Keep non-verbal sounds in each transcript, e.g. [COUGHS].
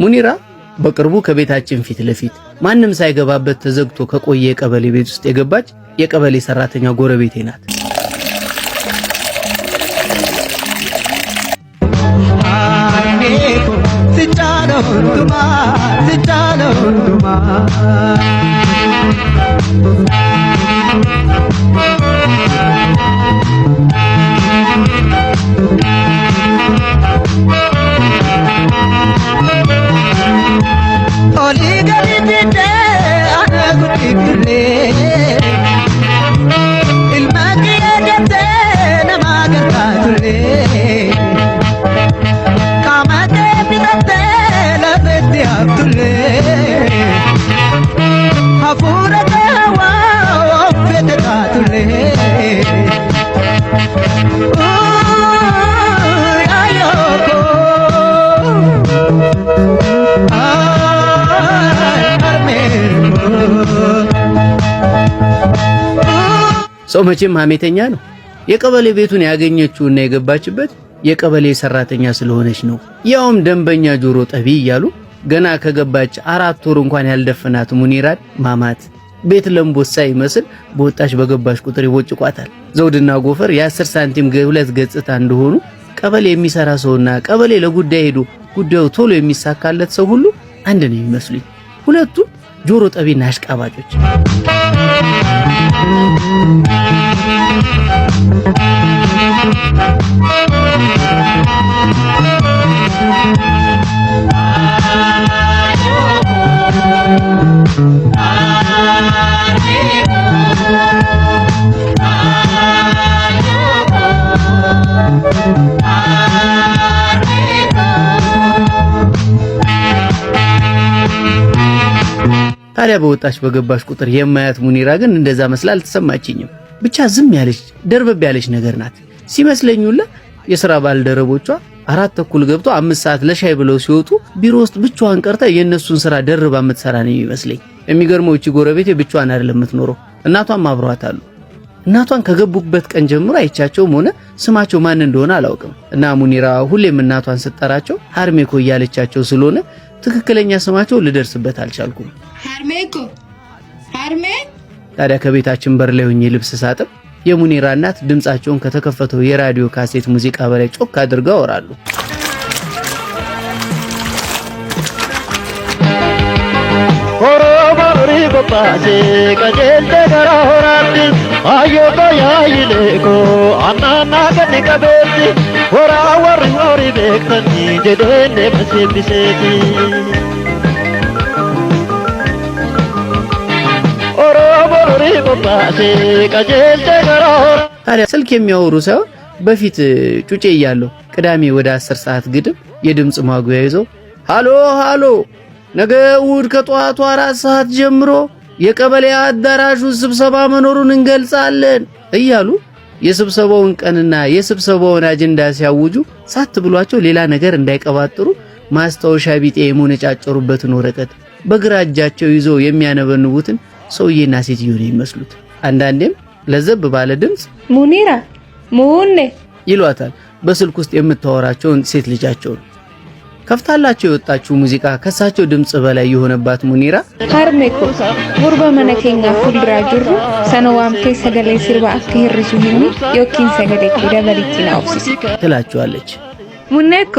ሙኒራ በቅርቡ ከቤታችን ፊት ለፊት ማንም ሳይገባበት ተዘግቶ ከቆየ የቀበሌ ቤት ውስጥ የገባች የቀበሌ ሰራተኛ ጎረቤቴ ናት። ትጫነው Get ሰው መቼም ሀሜተኛ ነው። የቀበሌ ቤቱን ያገኘችውና የገባችበት የቀበሌ ሰራተኛ ስለሆነች ነው። ያውም ደንበኛ ጆሮ ጠቢ እያሉ ገና ከገባች አራት ወር እንኳን ያልደፈናት ሙኒራን ማማት ቤት ለምቦሳ ይመስል በወጣች በገባች ቁጥር ይቦጭቋታል። ዘውድና ጎፈር የአስር ሳንቲም ሁለት ገጽታ እንደሆኑ ቀበሌ የሚሰራ ሰውና ቀበሌ ለጉዳይ ሄዶ ጉዳዩ ቶሎ የሚሳካለት ሰው ሁሉ አንድ ነው የሚመስሉኝ። ሁለቱም ጆሮ ጠቢና አሽቃባጮች ታዲያ በወጣች በገባች ቁጥር የማያት ሙኒራ ግን እንደዛ መስላ አልተሰማችኝም። ብቻ ዝም ያለች ደርበብ ያለች ነገር ናት ሲመስለኝ ሁላ ባልደረቦቿ አራት ተኩል ገብቶ አምስት ሰዓት ለሻይ ብለው ሲወጡ ቢሮ ውስጥ ብቻዋን ቀርታ የእነሱን ስራ ደርባ የምትሰራ ነው የሚመስለኝ። የሚገርመው እቺ ጎረቤቴ ብቻዋን አይደለም የምትኖረው፣ እናቷም አብረዋት አሉ። እናቷን ከገቡበት ቀን ጀምሮ አይቻቸውም ሆነ ስማቸው ማን እንደሆነ አላውቅም። እና ሙኒራ ሁሌም እናቷን ስጠራቸው ሀርሜኮ እያለቻቸው ስለሆነ ትክክለኛ ስማቸው ልደርስበት አልቻልኩም። ታዲያ ከቤታችን በር ላይ ሆኜ ልብስ ሳጥብ የሙኒራ እናት ድምጻቸውን ከተከፈተው የራዲዮ ካሴት ሙዚቃ በላይ ጮክ አድርገው ያወራሉ። ወራ ወሪ ወሪ ቤክተኒ ጀደኔ በሴቢሴቲ ታዲያ ስልክ የሚያወሩ ሳይሆን በፊት ጩጬ እያለሁ ቅዳሜ ወደ 10 ሰዓት ግድም የድምፅ ማጉያ ይዞ ሃሎ ሃሎ፣ ነገ እሑድ ከጠዋቱ አራት ሰዓት ጀምሮ የቀበሌ አዳራሹ ስብሰባ መኖሩን እንገልጻለን እያሉ የስብሰባውን ቀንና የስብሰባውን አጀንዳ ሲያውጁ ሳት ብሏቸው ሌላ ነገር እንዳይቀባጥሩ ማስታወሻ ቢጤ የመነጫጨሩበትን ወረቀት በግራ እጃቸው ይዘው የሚያነበንቡትን ሰውዬና ሴትዮ ነው ይመስሉት። አንዳንዴም ለዘብ ባለ ድምፅ ሙኒራ ሙኔ ይሏታል። በስልክ ውስጥ የምታወራቸውን ሴት ልጃቸውን ከፍታላቸው የወጣችው ሙዚቃ ከሳቸው ድምፅ በላይ የሆነባት ሙኒራ ሀርሜኮ ጉርበ መነኬኛ ፉልድራ ጅሩ ሰነዋምቴ ሰገላይ ስርባ አክህርሱ ሂኒ ዮኪን ሰገዴ ደበሊቲና ኦፍሲስ ትላቸዋለች። ሙኔኮ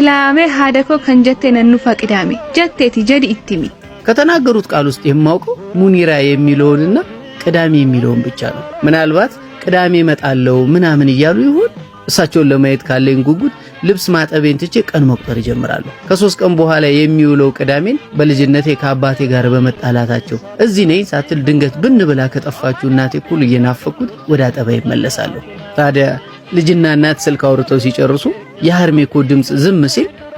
ኢላሜ ሀደኮ ከንጀቴ ነኑ ፈቅዳሜ ጀቴቲ ጀድ ኢትሚ ከተናገሩት ቃል ውስጥ የማውቀው ሙኒራ የሚለውንና ቅዳሜ የሚለውን ብቻ ነው። ምናልባት ቅዳሜ መጣለው ምናምን እያሉ ይሆን? እሳቸውን ለማየት ካለኝ ጉጉት ልብስ ማጠቤን ትቼ ቀን መቁጠር እጀምራለሁ። ከሶስት ቀን በኋላ የሚውለው ቅዳሜን በልጅነቴ ከአባቴ ጋር በመጣላታቸው እዚህ ነኝ ሳትል ድንገት ብን ብላ ከጠፋችሁ እናቴ እኩል እየናፈኩት ወደ አጠባ ይመለሳለሁ። ታዲያ ልጅና እናት ስልክ አውርተው ሲጨርሱ የሐርሜኮ ድምፅ ዝም ሲል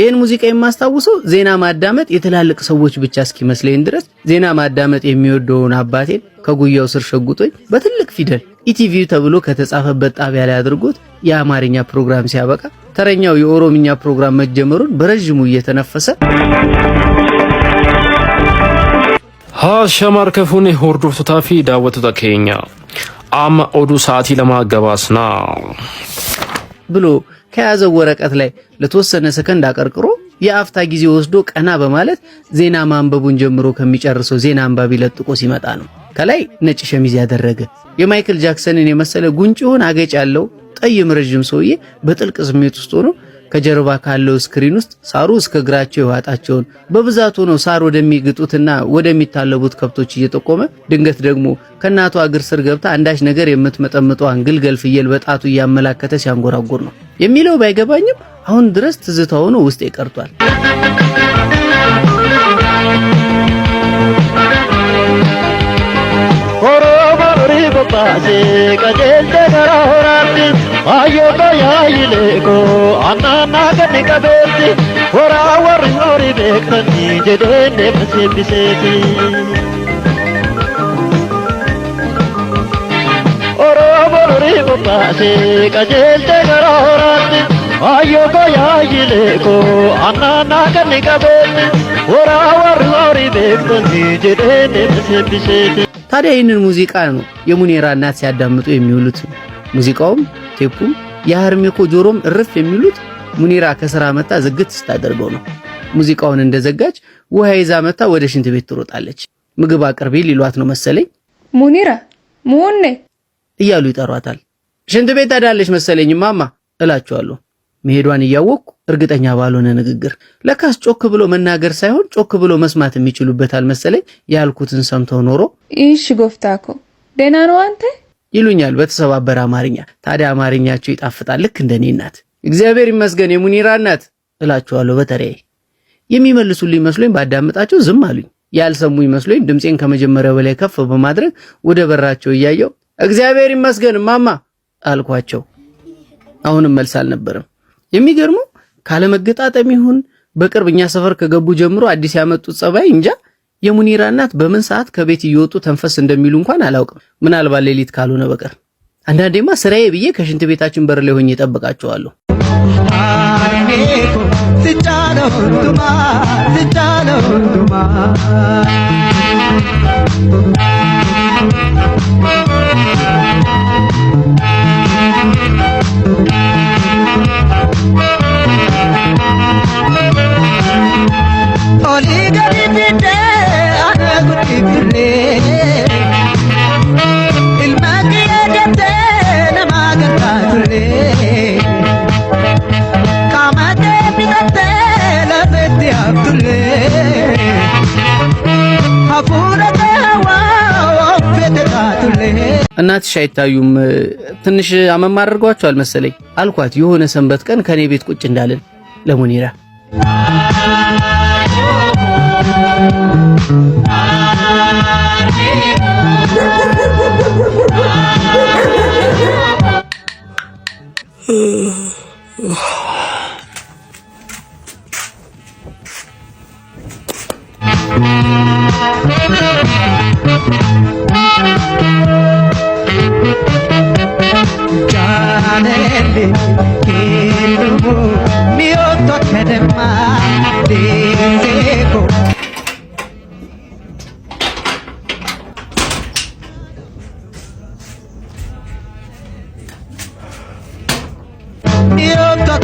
ይህን ሙዚቃ የማስታውሰው ዜና ማዳመጥ የትላልቅ ሰዎች ብቻ እስኪመስለኝ ድረስ ዜና ማዳመጥ የሚወደውን አባቴን ከጉያው ስር ሸጉጦኝ በትልቅ ፊደል ኢቲቪ ተብሎ ከተጻፈበት ጣቢያ ላይ አድርጎት የአማርኛ ፕሮግራም ሲያበቃ ተረኛው የኦሮምኛ ፕሮግራም መጀመሩን በረዥሙ እየተነፈሰ ሀሸማር ከፉኔ ሆርዶፍ ቱታፊ ዳወቱ ተኬኛ አማ ኦዱ ሰዓቲ ለማገባስና ብሎ ከያዘው ወረቀት ላይ ለተወሰነ ሰከንድ አቀርቅሮ የአፍታ ጊዜ ወስዶ ቀና በማለት ዜና ማንበቡን ጀምሮ ከሚጨርሰው ዜና አንባቢ ለጥቆ ሲመጣ ነው። ከላይ ነጭ ሸሚዝ ያደረገ የማይክል ጃክሰንን የመሰለ ሆን አገጭ ያለው ጠይም ረዥም ሰውዬ በጥልቅ ስሜት ውስጥ ሆኖ ከጀርባ ካለው ስክሪን ውስጥ ሳሩ እስከ እግራቸው የዋጣቸውን በብዛቱ ሆኖ ሳር ወደሚግጡትና ወደሚታለቡት ከብቶች እየጠቆመ ድንገት ደግሞ ከእናቷ እግር ስር ገብታ አንዳች ነገር የምትመጠምጠዋን ግልገል ፍየል በጣቱ እያመላከተ ሲያንጎራጉር ነው የሚለው ባይገባኝም አሁን ድረስ ትዝታ ሆኖ ውስጤ ቀርቷል። ಬಾಜೆ ಗಜೇಂದ್ರ ಹೊರಾತಿ ಆಯೋಗ ಯಾಯಿಲೆಗೋ ಅನಾನಾಗನಿ ಕಬೇತಿ ಹೊರಾವರು ನೋಡಿ ಬೇಕನ್ನಿ ಜಡೇನೆ ಬಸೆ ಬಿಸೇತಿ ಒರೋಬರುರಿ ಬಾಜೆ ಗಜೇಂದ್ರ ಹೊರಾತಿ ಆಯೋಗ ಯಾಯಿಲೆಗೋ ಅನಾನಾಗನಿ ಕಬೇತಿ ಹೊರಾವರು ನೋಡಿ ಬೇಕನ್ನಿ ಜಡೇನೆ ಬಸೆ ಬಿಸೇತಿ ታዲያ ይህንን ሙዚቃ ነው የሙኔራ እናት ሲያዳምጡ የሚውሉት። ሙዚቃውም ቴፑም የሀርሜኮ ጆሮም እርፍ የሚሉት ሙኔራ ከስራ መጣ ዝግት ስታደርገው ነው። ሙዚቃውን እንደዘጋች ውሃ ይዛ መታ ወደ ሽንት ቤት ትሮጣለች። ምግብ አቅርቤ ሊሏት ነው መሰለኝ። ሙኒራ ሙኔ እያሉ ይጠሯታል። ሽንት ቤት ታዳለች መሰለኝ ማማ እላችኋለሁ። መሄዷን እያወቅኩ እርግጠኛ ባልሆነ ንግግር ለካስ ጮክ ብሎ መናገር ሳይሆን ጮክ ብሎ መስማት የሚችሉበት መሰለኝ። ያልኩትን ሰምተው ኖሮ ይሽ ጎፍታ እኮ ደህና ነው አንተ ይሉኛል በተሰባበረ አማርኛ። ታዲያ አማርኛቸው ይጣፍጣል፣ ልክ እንደኔ እናት። እግዚአብሔር ይመስገን የሙኒራ እናት እላችኋለሁ በተለይ የሚመልሱልኝ መስሎኝ ባዳመጣቸው ዝም አሉኝ። ያልሰሙ ይመስሎኝ ድምፄን ከመጀመሪያው በላይ ከፍ በማድረግ ወደ በራቸው እያየው እግዚአብሔር ይመስገን እማማ አልኳቸው። አሁንም መልስ አልነበረም። የሚገርመው ካለመገጣጠም ይሁን በቅርብ እኛ ሰፈር ከገቡ ጀምሮ አዲስ ያመጡት ጸባይ እንጃ። የሙኒራ እናት በምን ሰዓት ከቤት እየወጡ ተንፈስ እንደሚሉ እንኳን አላውቅም፣ ምናልባት ሌሊት ካልሆነ በቀር። አንዳንዴማ ስራዬ ብዬ ከሽንት ቤታችን በር ላይ ሆኜ እጠብቃቸዋለሁ። ልጫነው እናትሽ አይታዩም ትንሽ አመማ አድርጓቸዋል መሰለኝ አልኳት የሆነ ሰንበት ቀን ከኔ ቤት ቁጭ እንዳለን ለሙኒራ Bye.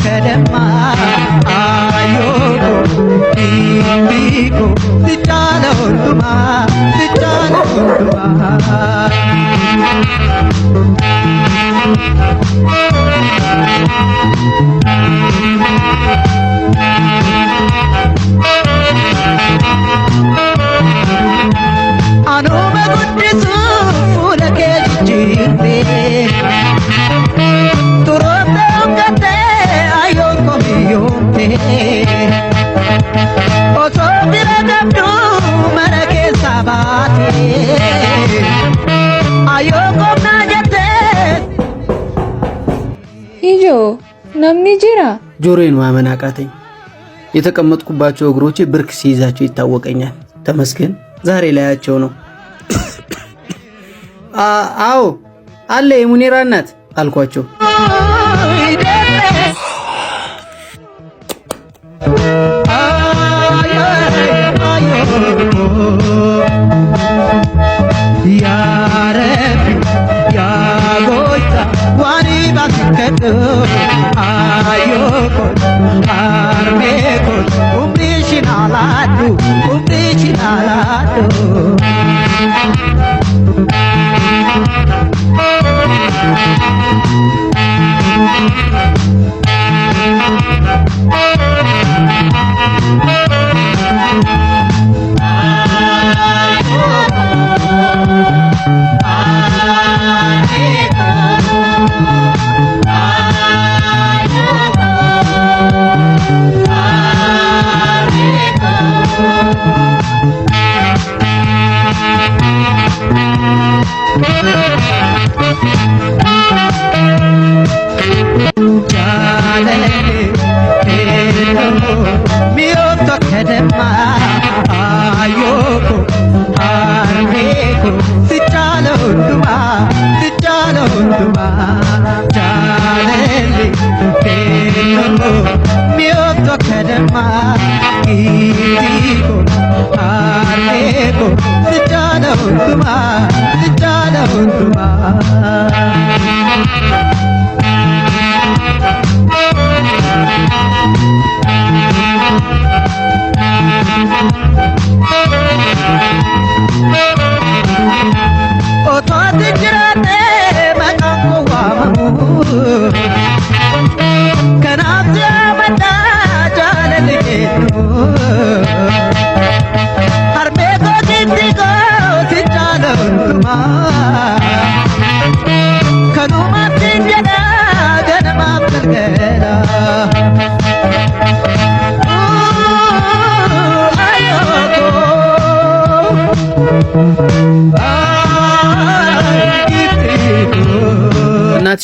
ከደማ አዮኮ ቢቢኮ ስጫለ ሁንዱማ ስጫለ ሁንዱማ ጆሮዬን ማመን አቃተኝ። የተቀመጥኩባቸው እግሮቼ ብርክ ሲይዛቸው ይታወቀኛል። ተመስገን ዛሬ ላያቸው ነው። [COUGHS] አዎ አለ የሙኔራ እናት አልኳቸው።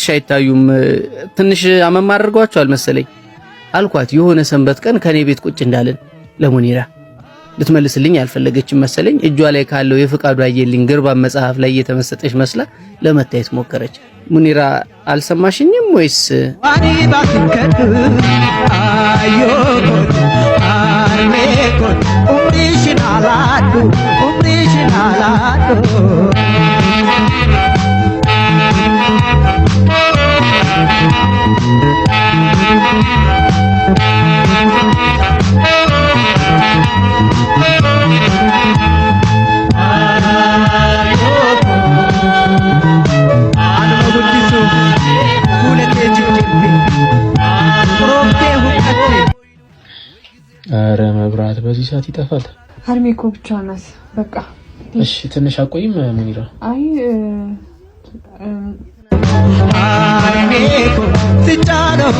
ፊትሽ አይታዩም ትንሽ አመማ አድርጓቸዋል መሰለኝ አልኳት። የሆነ ሰንበት ቀን ከኔ ቤት ቁጭ እንዳለን ለሙኒራ ልትመልስልኝ አልፈለገችም መሰለኝ። እጇ ላይ ካለው የፍቃዱ አየልኝ ግርባን መጽሐፍ ላይ እየተመሰጠች መስላ ለመታየት ሞከረች። ሙኒራ አልሰማሽኝም ወይስ ኡምሪሽን አላዱ ኡምሪሽን አላዱ በዚህ ሰዓት ይጠፋል። ሀልሜ እኮ ብቻ ናት። በቃ እሺ፣ ትንሽ አቆይም ሙኒራ። አይ ትጫለው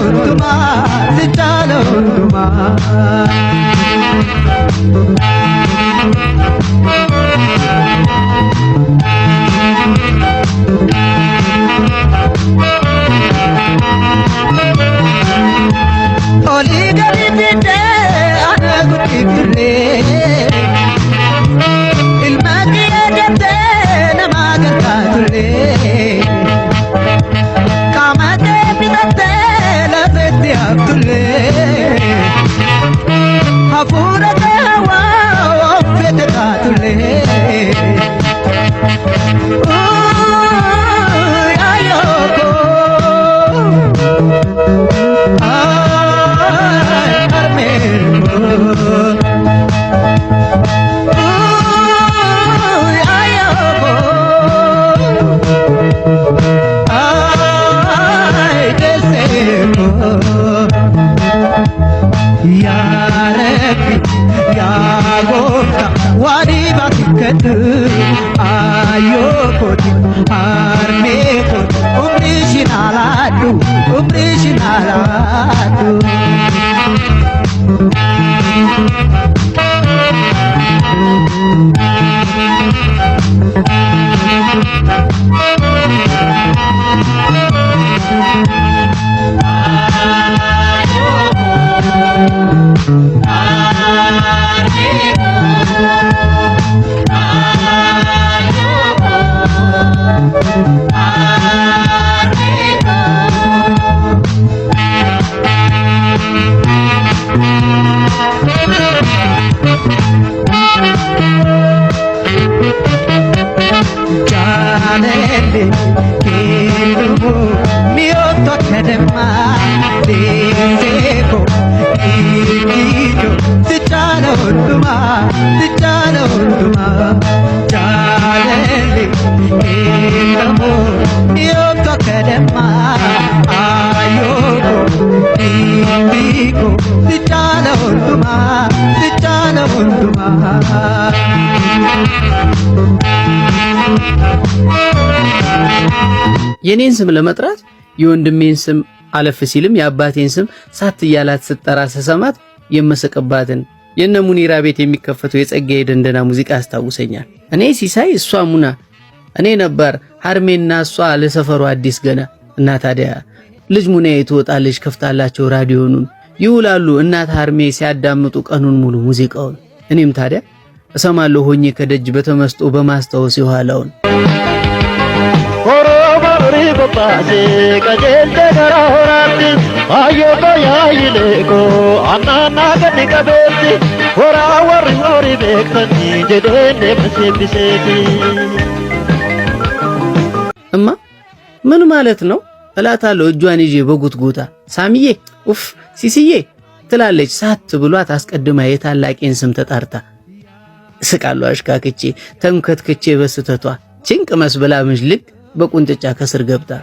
አፉረ ያጎፍታ ዋዲባ ሲከተል የኔን ስም ለመጥራት የወንድሜን ስም አለፍ ሲልም የአባቴን ስም ሳት እያላት ስጠራ ስሰማት የመሰቅባትን የነ ሙኒራ ቤት የሚከፈተው የጸጋዬ ደንደና ሙዚቃ ያስታውሰኛል። እኔ ሲሳይ እሷ ሙና እኔ ነበር ሀርሜና እሷ ለሰፈሩ አዲስ ገና እና ታዲያ ልጅ ሙኒያ ትወጣለች፣ ከፍታላቸው ራዲዮኑን ይውላሉ። እናት ሀርሜ ሲያዳምጡ ቀኑን ሙሉ ሙዚቃውን እኔም ታዲያ እሰማለሁ ሆኜ ከደጅ በተመስጦ በማስታወስ የኋላውን ሆራ እማ ምን ማለት ነው እላታለሁ። እጇን ይዤ በጉትጉታ ሳሚዬ፣ ኡፍ ሲስዬ ትላለች ሳት ብሏት አስቀድማ የታላቂን ስም ተጣርታ ስቃሉ አሽካክቼ ተንከትክቼ በስተቷ ጭንቅ መስብላ ምሽልክ በቁንጥጫ ከስር ገብታ